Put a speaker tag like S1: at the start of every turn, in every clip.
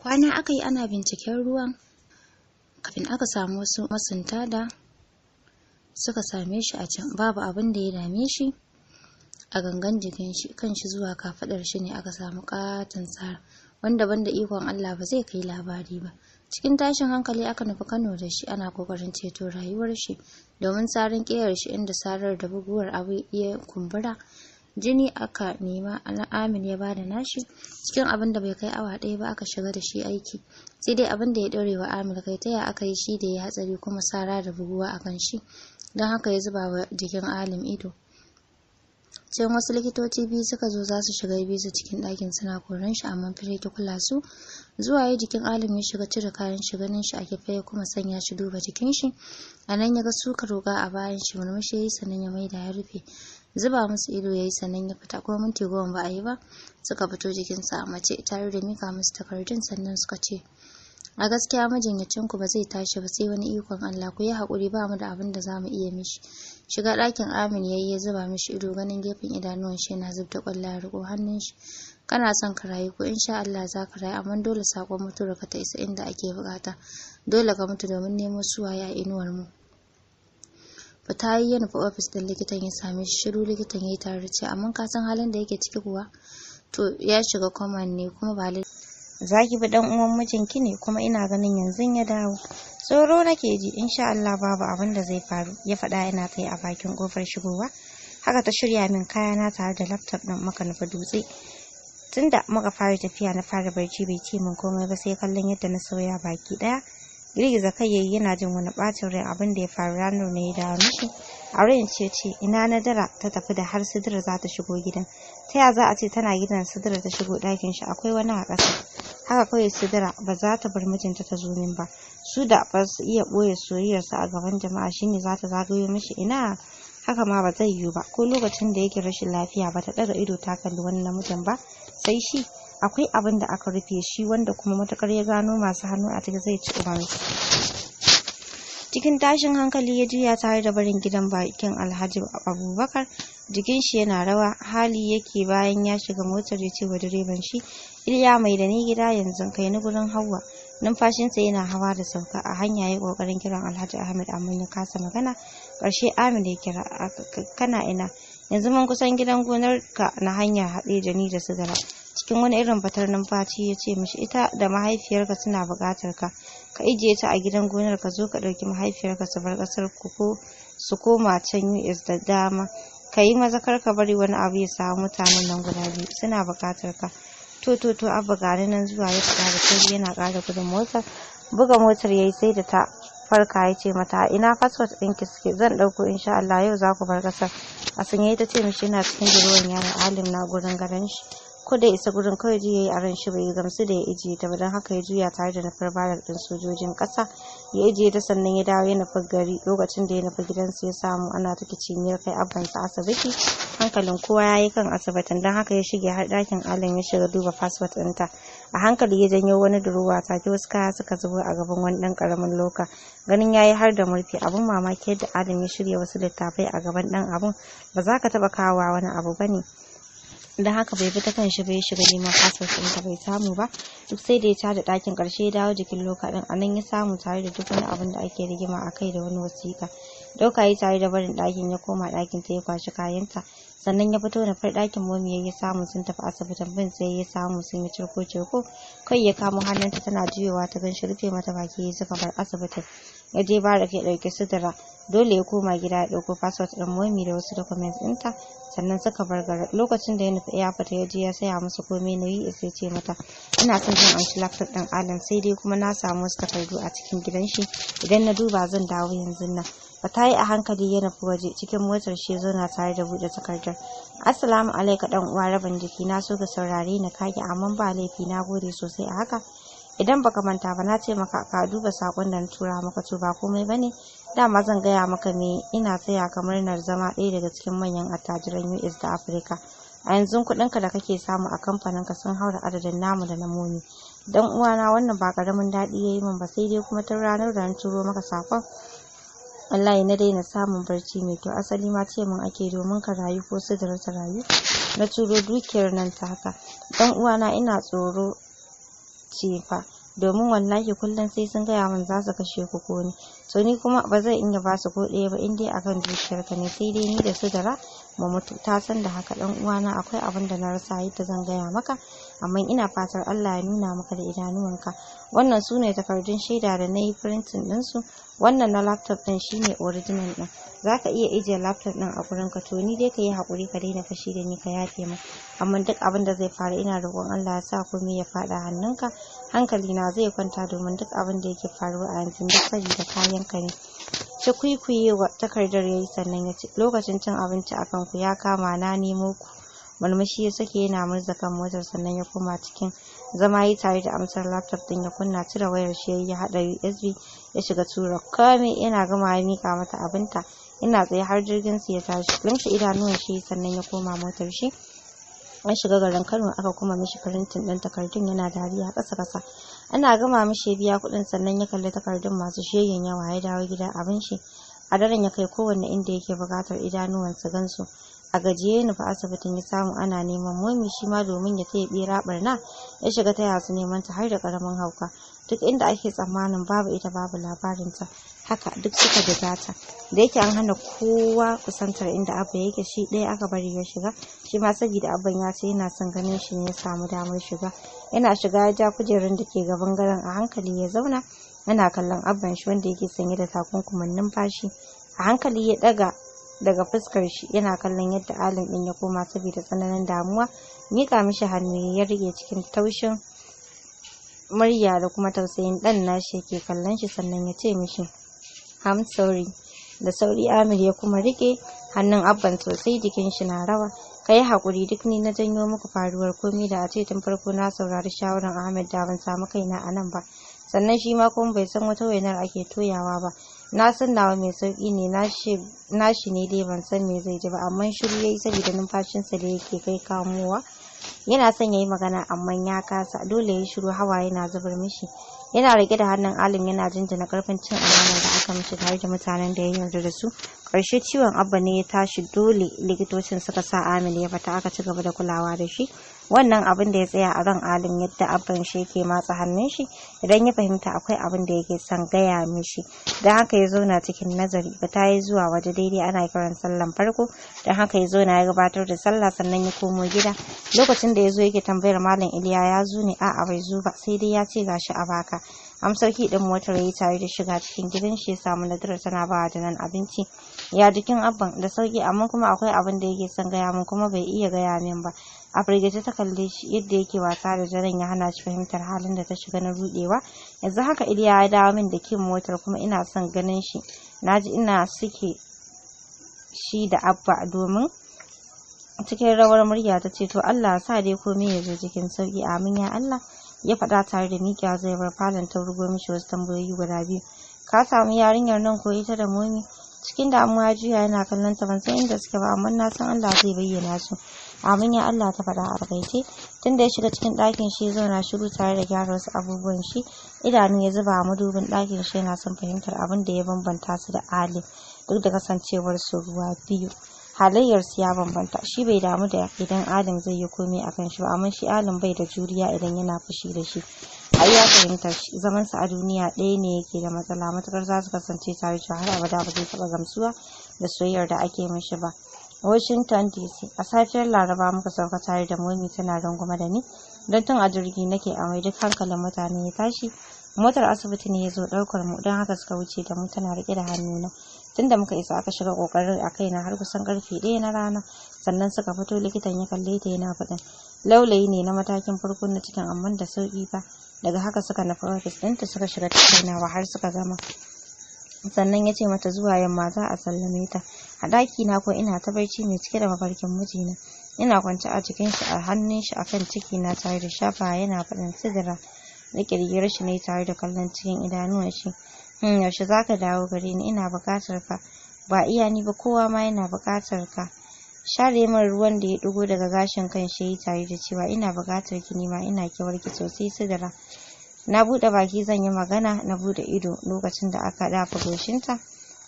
S1: kwana aka yi ana binciken ruwan kafin aka samu wasu masunta da suka same shi a can babu abin da ya dame shi a gangan jikin shi kan shi zuwa kafadar shi ne aka samu katon tsara wanda banda ikon Allah ba zai kai labari ba cikin tashin hankali aka nufi Kano da shi ana kokarin ceto rayuwar shi domin tsarin kiyar shi inda sarar da buguwar abu ya kumbura jini aka nema na amin ya bada nashi cikin abin da bai kai awa ɗaya ba aka shiga da shi aiki sai dai abin da ya ɗore wa amin kai ta ya aka yi shi da ya hatsari kuma sara da buguwa a kan shi don haka ya zuba wa jikin alim ido sai wasu likitoci biyu suka zo za su shiga su cikin ɗakin suna koran shi amma fire ki kula su zuwa ya jikin alim ya shiga cire kayan shi ganin shi a kife ya kuma sanya shi duba jikin shi a nan ya ga suka roga a bayan shi murmushi ya yi sannan ya maida ya rufe zuba musu ido yayi sannan ya fita ko minti goma ba a yi ba suka fito jikinsa a mace tare da mika musu takardun sannan suka ce a gaskiya majinyacin ku ba zai tashi ba sai wani ikon Allah ku yi hakuri ba mu da abin da zamu iya mishi shiga ɗakin Amin yayi ya zuba mishi ido ganin gefen idanuwan shi yana zubta kwalla riko hannun shi kana son ka rayu ko insha Allah za ka rayu amma dole sakon mutuwar ka ta isa inda ake bukata dole ka mutu domin nemo suwaye a inuwar mu ba ta yi yana ofis ɗin likitan ya same shi shiru likitan ya yi tare ce amma ka san halin da yake ciki kuwa to ya shiga kwaman ne kuma ba za zaki bi dan uwan mijinki ne kuma ina ganin yanzu ya dawo tsoro nake ji insha
S2: Allah babu abin da zai faru ya faɗa yana tsaye a bakin kofar shigowa haka ta shirya min kayana tare da laptop din maka nufa dutse tunda muka fara tafiya na fara barci bai ce min komai ba sai kallon yadda na soya baki ɗaya girgiza kai yayi yana jin wani bacin rai abin da ya faru ranar ne ya dawo musu auren ce ce ina na dara ta tafi da har sidira za ta shigo gidan ta ya za a ce tana gidan sidira ta shigo ɗakin shi akwai wani a ƙasa haka kawai sidira ba za ta bar mijinta ta zo min ba su da ba su iya ɓoye soyayyarsa a gaban jama'a shine za ta zagayo mishi ina haka ma ba zai yiwu ba ko lokacin da yake rashin lafiya ba ta ɗaga ido ta kalli wani namijin ba sai shi akwai abin da aka rufe shi wanda kuma matukar ya gano masu hannu a cikin zai ci ubansu cikin tashin hankali ya juya tare da barin gidan bakin alhaji abubakar jikin shi yana rawa hali yake bayan ya shiga motar ya ce wa direban shi Ilya mai da ni gida yanzu kai ni gurin hawa numfashinsa yana hawa da sauka a hanya ya kokarin kiran alhaji ahmed amma ya kasa magana karshe amin ya kira kana ina yanzu mun kusan gidan gonar ka na hanya haɗe da ni da sigara cikin wani irin fatar numfashi ya ce mishi ita da mahaifiyarka suna buƙatar ka ka ijiye ta a gidan gonar ka zo ka ɗauki mahaifiyarka su bar ƙasar ku ko su koma can US da dama ka yi maza kar ka bari wani abu ya samu mutanen nan guda biyu suna buƙatar ka to to to abu gani nan zuwa ya fita da sauri yana ƙara gudun motar buga motar yayi sai da ta farka ya ce mata ina fasfot ɗinki suke zan ɗauko insha Allah yau za ku bar ƙasar a sanye ta ce mishi yana cikin jirgin yaron alim na gurin garin shi ko da isa gurin kawai ji yi a ran shi bai gamsu da ya ijiye ta ba don haka ya juya tare da nufar bayar din sojojin ƙasa ya ijiye ta sannan ya dawo ya nufi gari lokacin da ya nufi gidansa ya samu ana ta kiciniyar kai abansa asibiti hankalin kowa ya yi kan asibitin don haka ya shige har ɗakin alam ya shiga duba fasfot ɗinta a hankali ya janyo wani durowa take wasu kaya suka zubo a gaban wani ɗan ƙaramin loka ganin ya yi har da murfi abin mamaki yadda alam ya shirya wasu littafai a gaban ɗan abun ba za ka taɓa kawowa wani abu ba ne da haka bai bi ta kan shi bai shiga neman passport ta bai samu ba duk sai da ya tada dakin karshe ya dawo jikin lokacin a nan ya samu tare da duk wani abin da ake rigima a kai da wani wasiƙa ɗauka ya tare da barin dakin ya koma dakin ta ya kwashi kayanta sannan ya fito da far dakin momi ya samu sun tafi asibitin bin sai ya samu sun yi cirko cirko kai ya kamo hannunta tana juyowa ta gan shi rufe mata baki ya suka bar asibitin ya je barak ya ɗauki sutura dole ya koma gida ya ɗauko fasfot ɗin momi da wasu dokument ɗinta sannan suka bar gara lokacin da ya nufi ya fita ya je ya saya musu komai na yi sai ce mata ina son zan amshi laptop ɗin alam sai dai kuma na samu wasu takardu a cikin gidan shi idan na duba zan dawo yanzu nan ta yi a hankali ya nufi waje cikin motar shi zauna tare da buɗe takardar assalamu alaika ɗan uwa rabin jiki na so ka saurare ni kage amma ba laifi na gode sosai a haka idan baka manta ba na ce maka ka duba sakon da na tura maka to ba komai bane dama zan gaya maka ne ina tsaya kamar na zama ɗaya daga cikin manyan attajiran US da Afirka a yanzu kuɗinka da kake samu a kamfanin ka sun haura adadin namu da namomi dan uwana wannan ba karamin daɗi ya yi min ba sai dai kuma ta ranar da na turo maka sakon wallahi na daina samun barci mai kyau asali ma ce min ake domin ka rayu ko su da rayu na turo dukiyar nan ta haka dan uwana ina tsoro 计划。domin wallahi kullum sai sun gaya min za su kashe ku ko ni to ni kuma ba zai iya ba su ko ɗaya ba in dai akan dukiyarka ne sai dai ni da su dara mu mutu ta san da haka dan uwana akwai abin da na rasa yadda zan gaya maka amma ina fatar Allah ya nuna maka da idanuwanka wannan sune takardun shaida da na yi printing ɗinsu wannan na laptop ɗin shine original din zaka iya ije laptop ɗin a gurin ka to ni dai ka yi haƙuri ka daina fashi da ni ka yafe min amma duk abin da zai faru ina roƙon Allah ya sa komai ya faɗa hannunka hankali na zai kwanta domin duk abin da yake faruwa a yanzu duk saboda kayan ka ne ta wa takardar yayi sannan ya ce lokacin cin abinci a kanku ya kama na nemo ku murmushi ya sake yana murza kan motar sannan ya koma cikin zama yi tare da amsar laptop din ya kunna cire wayar shi ya hada USB ya shiga tura kame yana gama ya mika mata abinta ina tsaye har jirgin su ya tashi limshi idanuwan shi sannan ya koma motar shi An shiga garin Kano aka kuma mishi farantin ɗin takardun yana dariya ƙasa ƙasa ana gama mishi biya kuɗin sannan ya kalli takardun masu shegen yawa ya dawo gida abin shi a daren ya kai kowanne inda yake buƙatar idanuwansa gansu a gajiye fa asibitin ya samu ana neman momi shi ma domin ya taya bera barna ya shiga taya su neman ta har da karamin hauka duk inda ake tsammanin babu ita babu labarinta haka duk suka diga ta da yake an hana kowa kusantar inda abba yake shi ɗaya aka bari ya shiga shi ma saboda abban ya ce yana son ganin shi ne ya samu damar shiga yana shiga ya ja kujerun da ke gaban garin a hankali ya zauna yana kallon abban shi wanda yake sanye da takunkumin numfashi a hankali ya ɗaga daga fuskar shi yana kallon yadda alim ɗin ya koma saboda tsananin damuwa mika mishi hannu ya rike cikin taushin murya da kuma tausayin ɗan nashi yake kallon shi sannan ya ce mishi I'm sorry da sauri Amir ya kuma rike hannun abban sosai jikin shi na rawa ka yi haƙuri duk ni na janyo muku faruwar komi da a ce tun farko na saurari shawarar Ahmed da ban samu kaina a nan ba sannan shi ma kuma bai san wata wainar ake toyawa ba na san nawa mai sauki ne nashi ne dai ban san me zai ji ba amma shiru yayi saboda numfashinsa da yake kai kamowa yana son ya yi magana amma ya kasa dole yayi shiru hawaye na zubar mishi yana rike da hannun alim yana jinjina karfin cin amana da aka mishi tare da mutanen da ya yarda da su karshe ciwon abba ne ya tashi dole likitocin suka sa amil ya fita aka ci gaba da kulawa da shi wannan abin da ya tsaya a ran alim yadda abban shi yake matsa hannun shi idan ya fahimta akwai abin da yake son gaya mishi don haka ya zauna cikin nazari ta yi zuwa waje daidai ana kiran sallan farko don haka ya zauna ya gabatar da sallah sannan ya komo gida lokacin da ya zo yake tambayar malam iliya ya zo ne a'a bai zo ba sai dai ya ce gashi a baka amsauki din motar ya yi tare da shiga cikin gidan shi ya samu nadirar tana bawa da nan abinci ya jikin abban da sauki amma kuma akwai abin da yake son gaya min kuma bai iya gaya min ba a firgice ta kalle shi yadda yake wasa da zaren ya hana shi fahimtar halin da ta shiga na rudewa yanzu haka iliya ya dawo min da kin motar kuma ina son ganin shi naji ina suke shi da abba domin cikin rawar murya ta ce to Allah sa dai komai ya zo cikin sauki amin ya Allah ya faɗa tare da mikiya zai bar falon ta rugo mishi wasu tambayoyi guda biyu ka samu yarinyar nan ko ita da momi cikin damuwa juya yana kallon ta ban san inda suke ba amma na san Allah zai bayyana su amin ya Allah ta faɗa a tun tunda ya shiga cikin ɗakin shi ya zauna shiru tare da gyara wasu abubuwan shi idanu ya zuba a madubin ɗakin shi yana son fahimtar abin da ya bambanta su da alim duk da kasancewar su ruwa biyu halayyar su ya bambanta shi bai damu da idan Alim zai yi komai a kan shi ba amma shi Alim bai da juriya idan yana fushi da shi ai ya fahimta zaman sa a duniya ɗaya ne yake da matsala matukar za su kasance tare har abada ba zai taɓa gamsuwa da soyayyar da ake mashi ba Washington DC a safiyar Laraba muka sauka tare da momi tana rungume da ni don tun a jirgi nake amai duk hankalin mutane ya tashi motar asibiti ne ya zo ɗaukar mu don haka suka wuce da mu tana riƙe da hannuna tunda muka isa aka shiga ƙoƙarin a kaina har kusan karfe ɗaya na rana sannan suka fito likitan ya kalle ta yana faɗin laulayi ne na matakin farko na cikin amma da sauƙi ba daga haka suka nufi ofis ɗinta suka shiga tattaunawa har suka gama sannan ya ce mata zuwa yamma za a sallame ta a ɗaki na ko ina ta barci mai cike da mafarkin mijina ina kwance a cikin shi a hannun shi akan ciki na tare da shafa yana faɗin sigira Na ƙirƙirar shi ne tare da kallon cikin idanuwan shi hmm yaushe za ka dawo gare ni ina buƙatar ka ba iya ni ba kowa ma yana buƙatar ka share min ruwan da ya ɗigo daga gashin kan shi tare da cewa ina buƙatar ki nima ina kiwarki sosai sigira. na buɗe baki zan yi magana na buɗe ido lokacin da aka dafa goshinta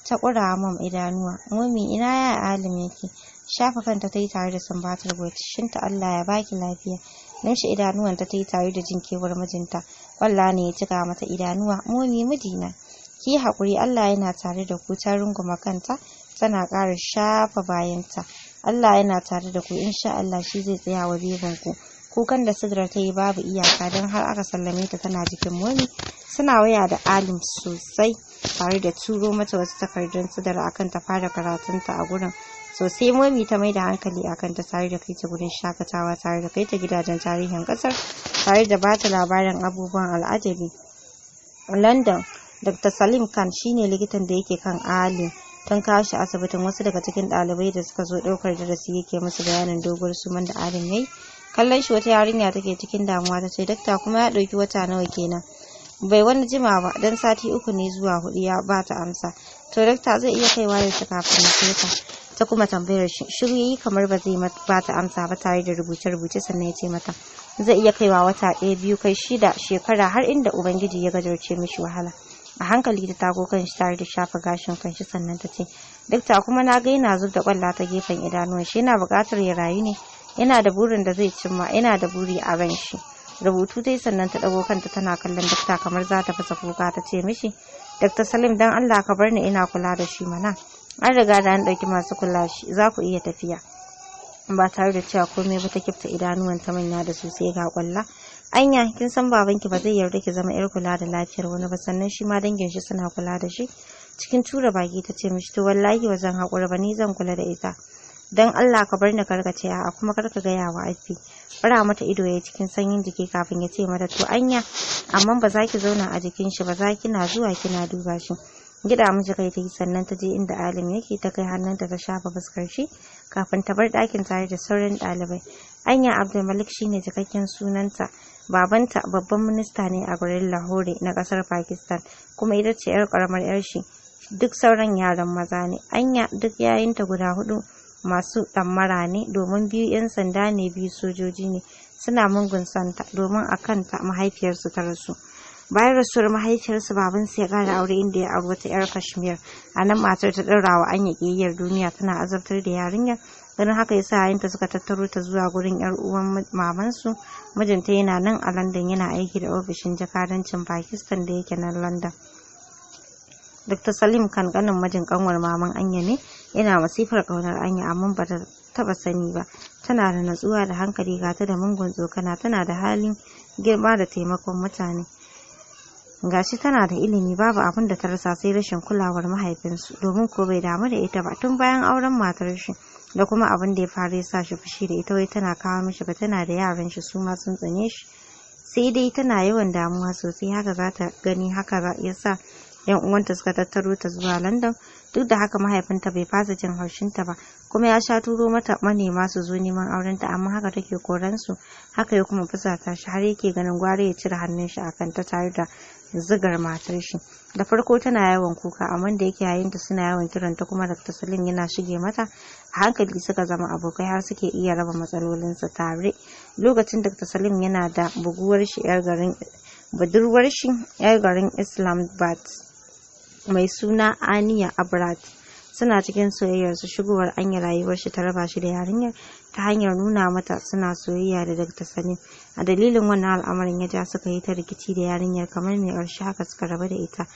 S2: ta ƙura mam idanuwa mumi ina ya alim yake shafa kanta ta yi tare da sambatar ta allah ya baki lafiya numshi idanuwan ta yi tare da jinkewar mijinta wallahi ne ya cika mata idanuwa momi mijina ki hakuri allah yana tare da ku ta runguma kanta tana ƙara shafa bayanta allah yana tare da ku insha allah shi zai tsaya wa birin ku kukan da sidra ta yi babu iyaka don har aka sallame ta tana jikin wani suna waya da alim sosai tare da turo mata wasu takardun sidra akan ta fara karatunta a gurin sosai momi ta mai da hankali akan ta tare da kai ta gurin shakatawa tare da kai ta gidajen tarihin kasar tare da bata labarin abubuwan al'ajabi london dr salim khan shine likitan da yake kan alim tun kawo shi asibitin wasu daga cikin ɗalibai da suka zo ɗaukar darasi yake musu bayanin doguwar suman da adam yayi kallon shi wata yarinya take cikin damuwa ta ce dakta kuma ya ɗauki wata nawa kenan bai wani jima ba dan sati uku ne zuwa hudu ya ba amsa to dakta zai iya kaiwa da ta kafin ta ta kuma tambayar shi shiru yayi kamar ba zai ba ta amsa ba tare da rubuce rubuce sannan ya ce mata zai iya kaiwa wata ɗaya biyu kai shida shekara har inda ubangiji ya gajarce mishi wahala a hankali ta tago shi tare da shafa gashin kan shi sannan ta ce dakta kuma na ga yana zub da kwalla ta gefen idanuwa shi yana buƙatar ya rayu ne yana da burin da zai cimma yana da buri a ran shi rubutu dai sannan ta ɗago kanta tana kallon dakta kamar za ta fasa kuka ta ce mishi Dr. salim dan allah ka bar ni ina kula da shi mana an riga da an ɗauki masu kula shi za ku iya tafiya ba tare da cewa komai ba ta kifta idanuwan ta manya da su sai ga kwalla anya kin san babanki ba zai yarda ki zama yar kula da lafiyar wani ba sannan shi ma dangin shi suna kula da shi cikin tura baki ta ce mishi to wallahi ba zan haƙura ba ni zan kula da ita don Allah ka bar ni karkace a kuma karka gaya wa Afi bara mata ido ya cikin sanyin jiki kafin ya ce mata to anya amma ba za ki zauna a jikin shi ba za ki na zuwa kina duba shi gida miji kai tayi sannan ta je inda alim yake ta kai hannunta ta shafa fuskar shi kafin ta bar ɗakin tare da sauran ɗalibai anya abdulmalik shine cikakken sunanta babanta babban minista ne a garin lahore na ƙasar pakistan kuma ita ce 'yar ƙaramar 'yar shi duk sauran yaran maza ne anya duk yayinta guda hudu masu ɗammara ne domin biyu 'yan sanda ne biyu sojoji ne suna mungun santa domin a kanta mahaifiyarsu ta rasu bayan rasuwar mahaifiyarsu babansu ya ƙara aure inda ya auri wata 'yar kashmir a nan matar ta ɗaura wa anya ƙiyayyar duniya tana azabtar da yarinyar ganin haka yasa ta suka tattaro ta zuwa gurin yar uwan mamansu mijinta yana nan a london yana aiki da ofishin jakadancin pakistan da yake nan london dr salim kan ganin majin kanwar maman anya ne yana masifar kaunar anya amma ba ta taɓa sani ba tana da natsuwa da hankali ga ta da mungun tsokana tana da halin girma da taimakon mutane gashi tana da ilimi babu abin da ta rasa sai rashin kulawar mahaifinsu domin ko bai damu da ita ba tun bayan auren matar shi da kuma abin da ya fara ya sa shi fushi da ita wai tana kawo mishi ba tana da yaran shi su ma sun tsane shi sai dai tana yawan damuwa sosai haka za ta gani haka ya sa yan uwanta suka tattaro ta zuwa london duk da haka mahaifinta bai fasa jin haushinta ba kuma ya sha turo mata manema su zo neman aurenta amma haka take koran su haka ya kuma fusata shi har yake ganin gwari ya cire hannun shi akan ta tare da zigar matar shi da farko tana yawan kuka amma da yake yayin da suna yawan kiran ta kuma Dr. Salim yana shige mata a hankali suka zama abokai har suke iya raba matsalolin su tare lokacin Dr. Salim yana da buguwar shi yar garin budurwar shi yar garin Islamabad mai suna Aniya Abrat suna cikin soyayyar su shigowar anya rayuwar shi ta raba shi da yarinyar ta hanyar nuna mata suna soyayya da Dr. Salim a dalilin wannan al'amarin ya ja suka yi ta rikici da yarinyar kamar mai ƙarshe haka suka raba da ita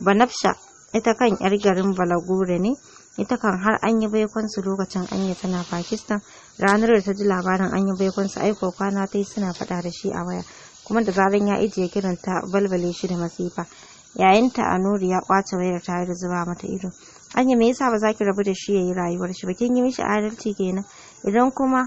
S2: Banafsha ita kan yar garin Balagore ne ita kan har an yi baikonsu lokacin anya tana Pakistan ranar da ta ji labarin an yi baikonsu aiko kwana ta yi suna faɗa da shi a waya kuma da zaran ya ijiye kiran ta balbale shi da masifa yayin ta anuri ya kwace wayar tare da zuba mata ido anya me yasa ba za ki rabu da shi yayi rayuwar shi ba kin yi mishi adalci kenan idan kuma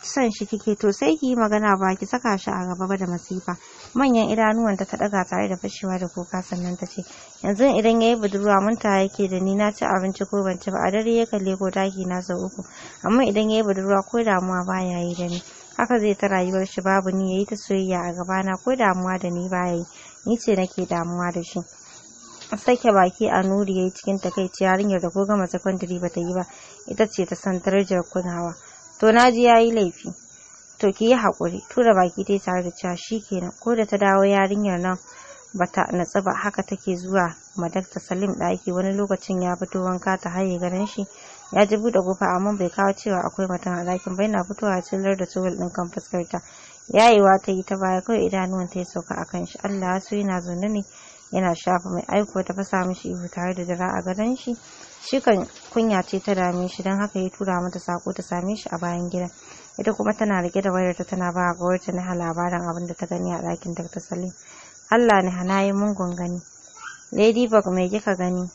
S2: san shi kike to sai ki magana ba ki saka shi a gaba ba da masifa manyan idanuwanta ta daga tare da fashewa da kuka sannan ta ce yanzu idan yayi budurwa mun ta yake da ni na ci abinci ko ban ci ba a dare ya kalle ko daki na sau uku amma idan yayi budurwa ko damuwa ya yi da ni haka zai ta rayuwar shi babu ni yayi ta soyayya a gabana ko damuwa da ni ba yi ni ce nake damuwa da shi sake baki a nuri ya yi cikin takaici yarinyar da ko gama sakandari ba ta yi ba ita ce ta san darajar kunawa to naji ji ya yi laifi to ki yi haƙuri tura baki dai tare da cewa shi kenan ko da ta dawo yarinyar nan bata natsu ba haka take zuwa madakta salim ɗaki wani lokacin ya fito wanka ta haye ganin shi ya ji buɗe kofa amma bai kawo cewa akwai mutum a ɗakin ba yana fitowa cillar da tuwul ɗin kan fuskar ta yayewa ta yi ta baya kawai idanuwan ta yi sauka a kan shi allah ya so yana zaune ne yana shafa mai aiko ta fasa mishi ihu tare da dara a gadon shi shi kan kunya ce ta dame shi don haka ya tura mata sako ta same shi a bayan gidan ita kuma tana rike da ta tana ba ga ta na labarin abin da ta gani a ɗakin dr salim allah ne hana yi mungun gani ladybug mai kika gani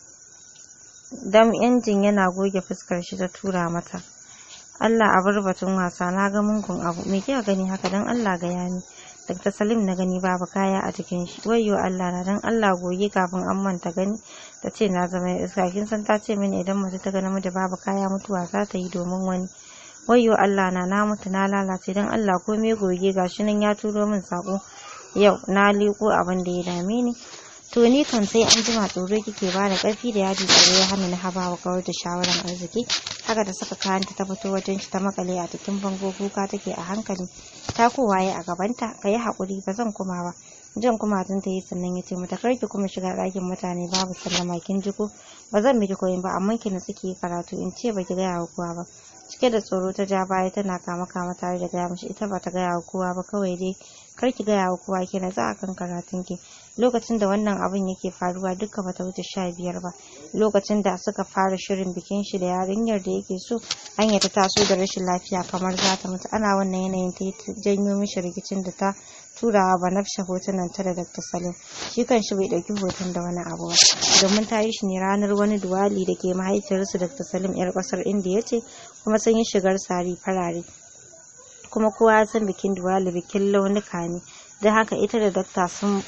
S2: dam injin yana goge fuskar shi ta tura mata Allah a bar batun wasa na ga mungun abu me kika gani haka dan Allah ga yani Dr. Salim na gani babu kaya a jikin shi wayyo Allah na dan Allah goge kafin an manta gani ta ce na zama iska kin san ta ce mini idan mace ta ga namiji babu kaya mutuwa za ta yi domin wani wayyo Allah na na mutu na lalace dan Allah komai goge gashi nan ya turo min sako yau na liko abin da ya dame ni to ni sai an jima tsoro kike ba da ƙarfi da yadi tsoro ya hana na habawa kawar da shawaran arziki haka da saka kayanta ta fito wajen shi ta makale a cikin bango kuka take a hankali ta ko waye a gabanta ka yi haƙuri ba zan kuma ba jan kuma tun ta yi sannan ya ce mata karki kuma shiga ɗakin mutane babu sallama kin jiko ba zan miki koyin ba amma ki na suke karatu in ce ki gaya wa kowa ba cike da tsoro ta ja baya tana kama kama tare da gaya mishi ita bata gaya wa kowa ba kawai dai kar ki gaya wa kowa kina za a kan karatun ki lokacin da wannan abin yake faruwa duka bata wuce sha biyar ba lokacin da suka fara shirin bikin shi da yarinyar da yake so hanya ta taso da rashin lafiya kamar za ta mutu ana wannan yanayin ta janyo mishi rikicin da ta turawa ba banafsha hotunan ta da dr salim shi kanshi bai dauki hoton da wani abu ba domin ta yi shi ne ranar wani duwali da ke mahaifiyarsu dr salim yar kasar indiya ce kuma sun yi shigar sari farare kuma kowa ya san bikin duwali bikin launuka ne don haka ita da dakta sun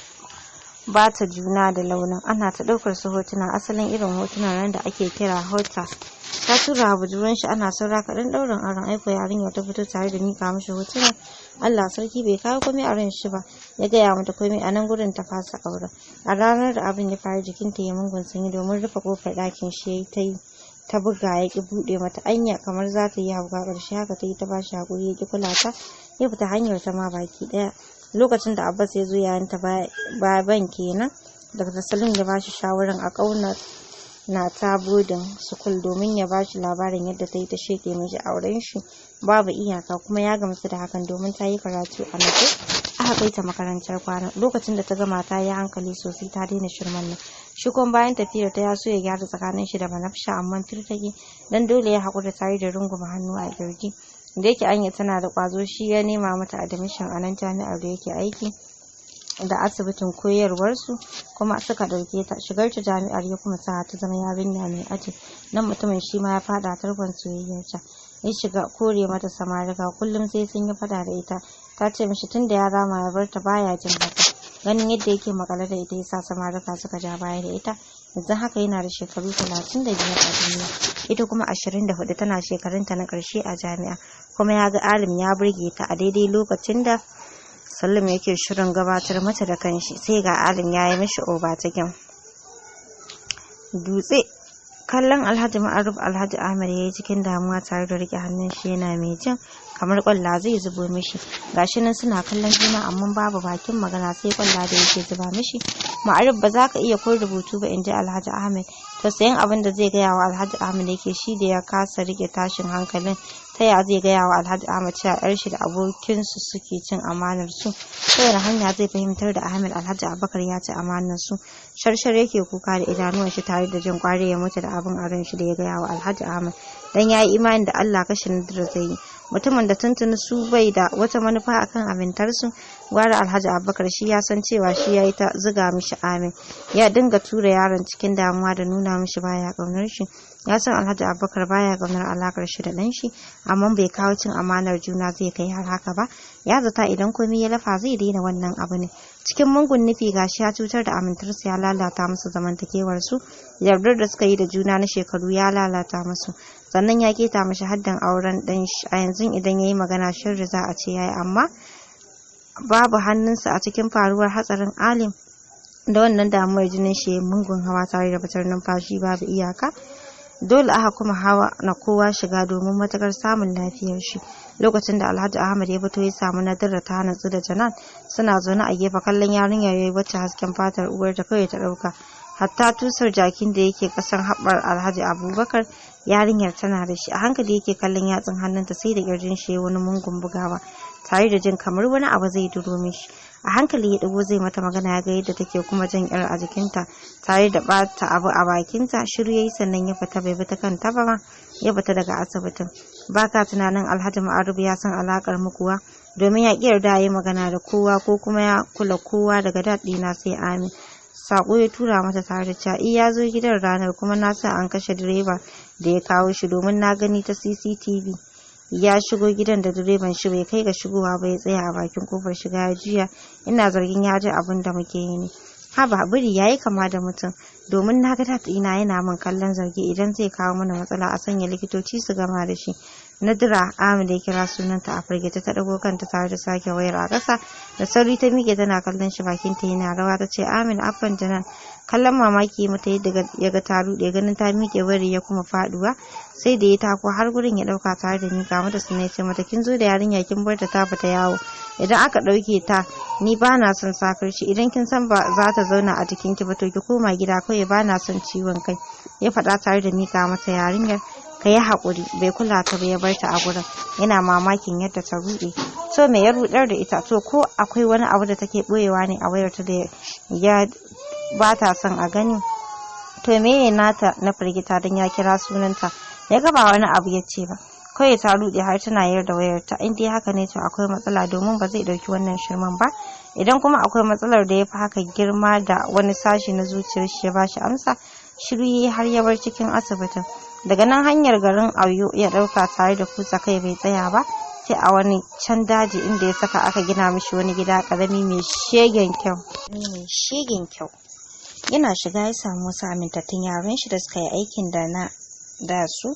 S2: ba ta juna da launin ana ta ɗaukar su hotuna asalin irin hotuna, nan da ake kira hota ta tura wa bujuran shi ana saura kaɗan ɗaurin aron aiko yarin ta fito tare da mika mishi hotuna allah sarki bai kawo komai a ran shi ba ya gaya mata komai a nan gurin ta fasa auren a ranar da abin ya fara jikin ta ya mungun sanyi domin rufe kofar ɗakin shi ya yi ta buga ya ki buɗe mata anya kamar za ta yi hauka ƙarshe haka ta yi ta bashi haƙuri ya ki kula ta ya fita hanyar ta ma baki ɗaya lokacin da abbas ya zo yayin ta baban kenan dr salim ya bashi shawarar a kaunar na ta bodin sukul domin ya bashi labarin yadda ta yi ta sheke mishi auren shi babu iyaka kuma ya gamsu da hakan domin ta yi karatu a nato aka kai ta makarantar kwana lokacin da ta gama ta yi hankali sosai ta daina shirman nan shi kuma bayan tafiyar ta ya so ya gyara tsakanin shi da banafsha amma firtake dan dole ya haƙura ta yi da runguma hannu a kirji da yake anya tana da kwazo shi ya nema mata admission a nan jami'ar da yake aiki da asibitin koyarwarsu kuma suka ɗauke ta shigar ta jami'ar ya kuma sa ta zama yarinya mai aji nan mutumin shi ma ya fada tarkon soyayyarta ya shiga kore mata samarika kullum sai sun yi fada da ita ta ce mishi tunda da ya rama ya bar ta baya jin haka ganin yadda yake makale da ita ya sa samarika suka ja baya da ita yanzu haka yana da shekaru talatin da a duniya ita kuma 24 hudu tana shekarunta na karshe a jami'a kuma ya ga alim ya burge ta a daidai lokacin da Salim yake shirin gabatar mata da kanshi sai ga Alim ya yi mishi oba cikin. Dutse kallon Alhaji Ma'aruf Alhaji Ahmed ya yi cikin damuwa tare da rike hannun shi yana mai jin kamar kwalla zai zubo mishi gashi nan suna kallon juna amma babu bakin magana sai kwalla da yake zuba mishi ma'arif ba za ka iya kun rubutu ba inji alhaji ahmed to sayan abin da zai gaya wa alhaji ahmed yake shi da ya kasa rike tashin hankalin ta ya zai gaya wa alhaji ahmed cewa yar shi da abokinsu suke cin amanar su ta da hanya zai fahimtar da ahmed alhaji abubakar ya ci amanar su sharshar yake kuka da idanuwan shi tare da jin kwari ya mutu da abin arin shi da ya gaya wa alhaji ahmed dan ya yi imanin da allah kashe da zai yi mutumin da tuntuni su bai da wata manufa akan amintarsu gwara alhaji abubakar shi ya san cewa shi ya yi ta ziga mishi amin ya dinga tura yaron cikin damuwa da nuna mishi baya ƙaunar shi ya san alhaji abubakar baya ƙaunar alakar shi da ɗan shi amma bai kawo cin amanar juna zai kai har haka ba ya zata idan komai ya lafa zai daina wannan abu ne cikin mungun nufi gashi ya cutar da amintarsa ya lalata musu zamantakewar su yardar da suka yi da juna na shekaru ya lalata musu sannan ya keta mashi haddin auren ɗan shi a yanzu idan ya yi magana shirri za a ce ya yi amma babu hannunsa a cikin faruwar hatsarin alim da wannan damuwar jinin shi mungun hawa tare da fitar numfashi babu iyaka dole aka kuma hawa na kowa shiga domin matakar samun lafiyar shi lokacin da alhaji ahmad ya fito ya samu nadira ta tsu da janan suna zaune a gefe kallon yarinyar yayi wacce hasken fatar uwar ta kawai ta dauka hatta tusar jakin da yake kasan haɓar alhaji abubakar yarinyar tana da shi a hankali yake kallon yatsun hannunta sai da kirjin shi wani mungun bugawa tare da jin kamar wani abu zai duro mishi a hankali ya ɗigo zai mata magana ya ga yadda take kuma jan yar a jikinta tare da ɓata abu a bakinta shiru ya yi sannan ya fita bai bi ta kan ba ya fita daga asibitin ba ka tunanin alhaji ma'arubu ya san alakar mu kuwa domin ya ƙi yarda ya yi magana da kowa ko kuma ya kula kowa daga daɗi na sai amin sako ya tura mata tare da cha'i eh, i ya zo gidan ranar kuma na sa an kashe direba da ya kawo shi domin na gani ta cctv ya shigo gidan da direban shi bai kai ga shigowa ba ya tsaya a bakin kofar shiga ya juya ina zargin ya ji abin da muke yi ne haba biri ya yi kama da mutum domin na ga ina yana min kallon zargi idan zai kawo mana matsala a sanya likitoci su gama da shi Nadira Ahmed ya kira sunanta a firgita ta dago kanta tare da sake wayar a ƙasa da sauri ta miƙe tana kallon shi bakin ta yana rawa ta ce Amin Affan Janan kallon mamaki mata yadda ya ga ta ruɗe ganin ta miƙe wari ya kuma faɗuwa sai da ya tako har gurin ya ɗauka tare da miƙa mata sun ya ce mata kin zo da yarinya kin bar ta ta fita yawo idan aka ɗauke ta ni ba na son sakarci idan kin san ba za ta zauna a jikin ki ba to ki koma gida kawai ba na son ciwon kai ya faɗa tare da mika mata yarinyar ta yi haƙuri bai kula ta ba ya bar ta a gurin yana mamakin yadda ta ruɗe so me ya ruɗar da ita to ko akwai wani abu da take ɓoyewa ne a wayarta da ya ba ta son a gani to me ya nata na firgita don ya kira sunanta ya gaba wani abu ya ce ba kawai ta ruɗe har tana yar wayar wayarta in dai haka ne to akwai matsala domin ba zai ɗauki wannan shirman ba idan kuma akwai matsalar da ya fi haka girma da wani sashi na zuciyar shi ya ba shi amsa shiru har ya bar cikin asibitin daga nan hanyar garin ayo ya ɗauka tare da kusa kai bai tsaya ba sai a wani can daji inda ya saka aka gina mishi wani gida karami mai shegen kyau mai shegen kyau yana shiga ya samu wasu amintattun yaran shi da suka yi aikin da na da su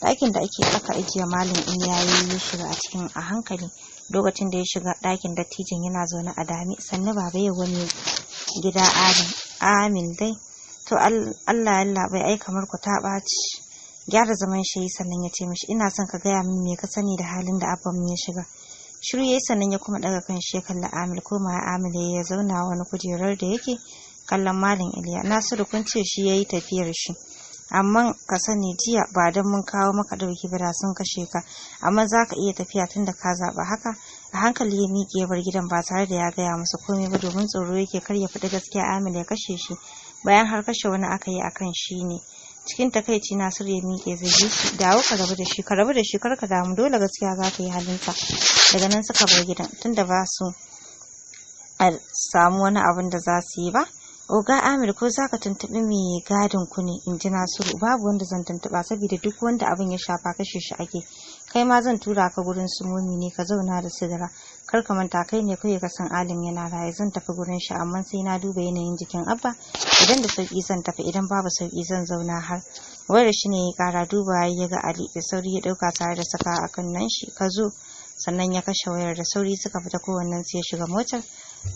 S2: ɗakin da ake saka ajiye malam in yayi ya shiga a cikin a hankali lokacin da ya shiga ɗakin dattijin yana zaune a dami sannu baba ya wani gida amin dai to allah ya labai ai kamar ku ta ɓaci gyara zaman shi yi sannan ya ce mishi ina son ka gaya mini me ka sani da halin da abban ya shiga shiru yayi sannan ya kuma daga kan shi ya kalli amil ko ma amil ya zauna wani kujerar da yake kallon malam iliya nasiru kun ce shi yayi tafiyar shi amma ka sani jiya ba don mun kawo maka dauki ba da sun kashe ka amma za ka iya tafiya tunda ka zaɓa haka a hankali ya miƙe ya bar gidan ba tare da ya gaya masa komai ba domin tsoro yake kar ya faɗi gaskiya amil ya kashe shi bayan har kashe wani aka yi akan shi ne cikin takaici Nasiru ya miƙe zai shi dawo ka rabu da shi ka rabu da shi kar damu dole gaskiya za ka yi halinta daga nan suka bar gidan tunda ba su samu wani abin da za su yi ba oga amir ko za ka tuntuɓi mai gadin ku ne in ji nasiru babu wanda zan tuntuɓa saboda duk wanda abin ya shafa kashe shi ake kai ma zan tura ka gurin su momi ne ka zauna da sidira kar ka manta kai ne kawai ka san alim yana raye zan tafi gurin shi amma sai na duba yanayin jikin abba idan da sauki zan tafi idan babu sauki zan zauna har wayar shi ne ya kara duba ya ga ali da sauri ya dauka tare da saka akan nan shi ka zo sannan ya kashe wayar da sauri suka fita kowannen su ya shiga motar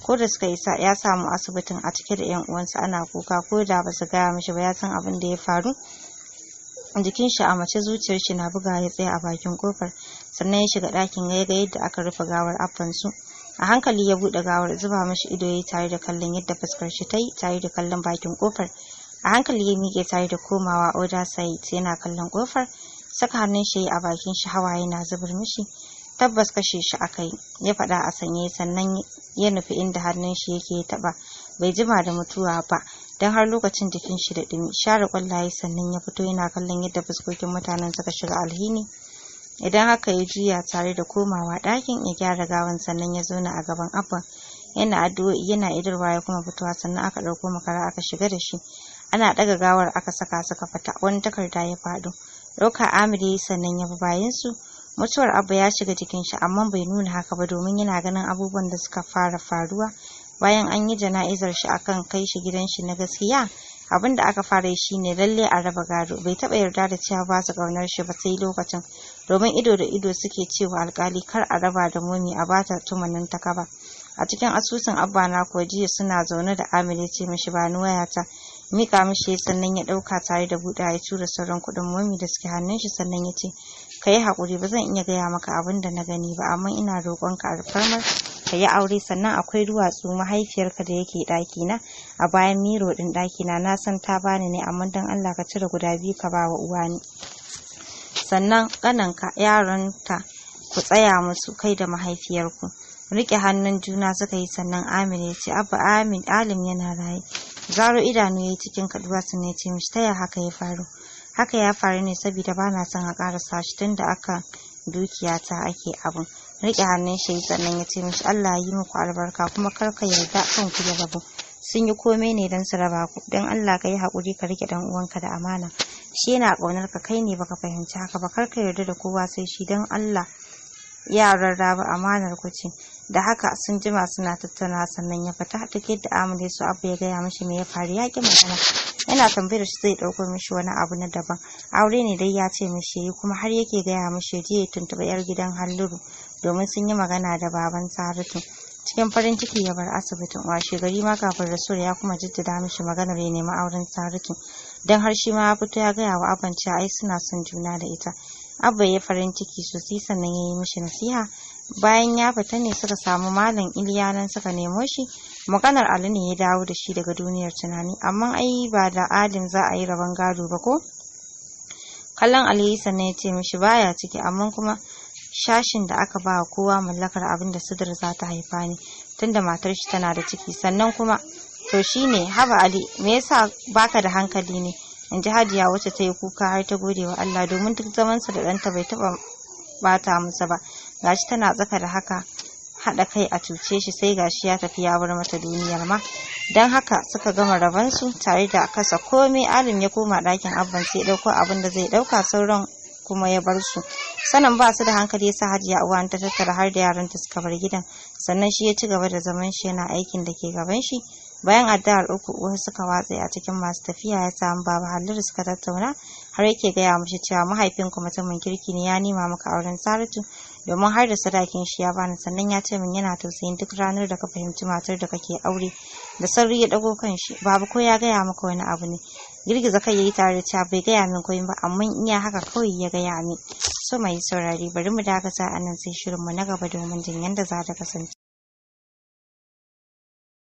S2: ko da suka isa ya samu asibitin a cike da yan uwansa ana kuka ko da ba su gaya mishi ba ya san abin da ya faru jikin shi a mace zuciyar shi na bugawa ya tsaya a bakin kofar sannan ya shiga ɗakin ya ga yadda aka rufe gawar abban su a hankali ya bude gawar zuba mashi ido yayi tare da kallon yadda fuskar shi ta yi tare da kallon bakin kofar a hankali ya mike tare da komawa oda site yana kallon kofar saka hannun shi a bakin shi hawa yana zubar mishi tabbas kashe shi aka yi ya faɗa a sanye sannan ya nufi inda hannun shi yake taɓa bai jima da mutuwa ba don har lokacin jikin shi da dumi share kwallaye sannan ya fito yana kallon yadda fuskokin mutanen suka shiga alhini idan haka ya juya tare da komawa ɗakin ya gyara gawan sannan ya zauna a gaban abban yana addu'o'i yana idarwa ya kuma fitowa sannan aka ɗauko makara aka shiga da shi ana ɗaga gawar aka saka suka fata, wani takarda ya faɗo ɗauka amir ya yi sannan ya bi bayansu. mutuwar abba ya shiga jikin shi amma bai nuna haka ba domin yana ganin abubuwan da suka fara faruwa bayan an yi jana'izar shi akan kai shi gidan shi na gaskiya abin da aka fara shi ne lalle a raba gado bai taba yarda da cewa ba su kaunar shi ba sai lokacin domin ido da ido suke cewa alkali kar a raba da momi a bata tumanin ta kaba a cikin asusun abba na kuwa jiya suna zaune da ya ce mishi ba ni ta mika mishi sannan ya dauka tare da buɗe ya tura sauran kuɗin momi da suke hannun shi sannan ya ce ka yi haƙuri ba zan iya gaya maka abin da na gani ba amma ina roƙonka alfarmar ka yi aure sannan akwai duwatsu mahaifiyarka da yake ɗaki na a bayan miro ɗin ɗakina na san ta bani ne amma don allah ka cire guda biyu ka ba wa uwa uwani sannan ƙananka yaronta ku tsaya musu kai da mahaifiyarku Rike hannun juna suka yi sannan amin ya ce abba amin alim yana raye zaro idanu ya yi cikin kaduwa sun ya ce mishi taya haka ya faru haka ya faru ne saboda bana son a ƙarasa shi tun da aka dukiyata ta ake abin riƙe hannun shi sannan ya ce mishi Allah ya yi muku albarka kuma kar ka yarda kanku ya rabu sun yi komai ne don su raba ku don Allah ka yi haƙuri ka rike dan uwanka da amana shi yana ƙaunar ka kai ne baka fahimci haka ba kar ka yarda da kowa sai shi don Allah yaran rarraba amanar ku ce da haka sun jima suna tattaunawa sannan ya fita duk yadda ya su abu ya gaya mishi me ya faru ya ki magana yana tambayar shi zai dauko mishi wani abu na daban aure ne dai ya ce mishi yi kuma har yake gaya mishi je ya tuntuɓa yar gidan halluru domin sun yi magana da baban Saratu. Cikin farin ciki ya bar asibitin washe gari ma kafin Rasul ya kuma jaddada mishi maganar ya nemi auren Saratu. Don har shi ma ya fito ya gaya wa Abban cewa ai suna son juna da ita. Abba ya farin ciki sosai sannan ya yi mishi nasiha bayan ya fita ne suka samu malam iliya nan suka nemo shi maganar ali ne ya dawo da shi daga duniyar tunani amma ai ba da adin za a yi rabon gado ba ko kallon ali sannan ya ce mishi baya ciki amma kuma shashin da aka ba kowa mallakar abin da sudur za ta haifa ne tunda matar shi tana da ciki sannan kuma to shine haba ali me yasa baka da hankali ne in ji hajiya wacce ta yi kuka har ta gode wa Allah domin duk zamansa da ɗanta bai taɓa bata musa ba gashi tana tsaka da haka haɗa kai a cuce shi sai gashi ya tafi ya bar mata duniyar ma don haka suka gama rabansu tare da kasa komai alim ya koma ɗakin abban sai ɗauko abin da zai ɗauka sauran kuma ya bar su sanin ba su da hankali yasa hajiya uwa ta tattara har da yaran ta suka bar gidan sannan shi ya ci gaba da zaman shi yana aikin da ke gaban shi bayan addu'ar uku uwa suka watse a cikin masu tafiya ya samu baba halliru suka tattauna har yake gaya mashi cewa mahaifin ku mutumin kirki ne ya nima maka auren saratu domin har da sadakin shi ya bani sannan ya ce min yana tausayin duk ranar da ka fahimci matar da kake aure da sauri ya dago kan shi babu ko ya gaya maka wani abu ne girgiza kai yayi tare da cewa bai gaya min koyin ba amma in iya haka kawai ya gaya ni. so mai saurari bari mu dakata anan sai shirin mu na gaba domin jin yadda za ta kasance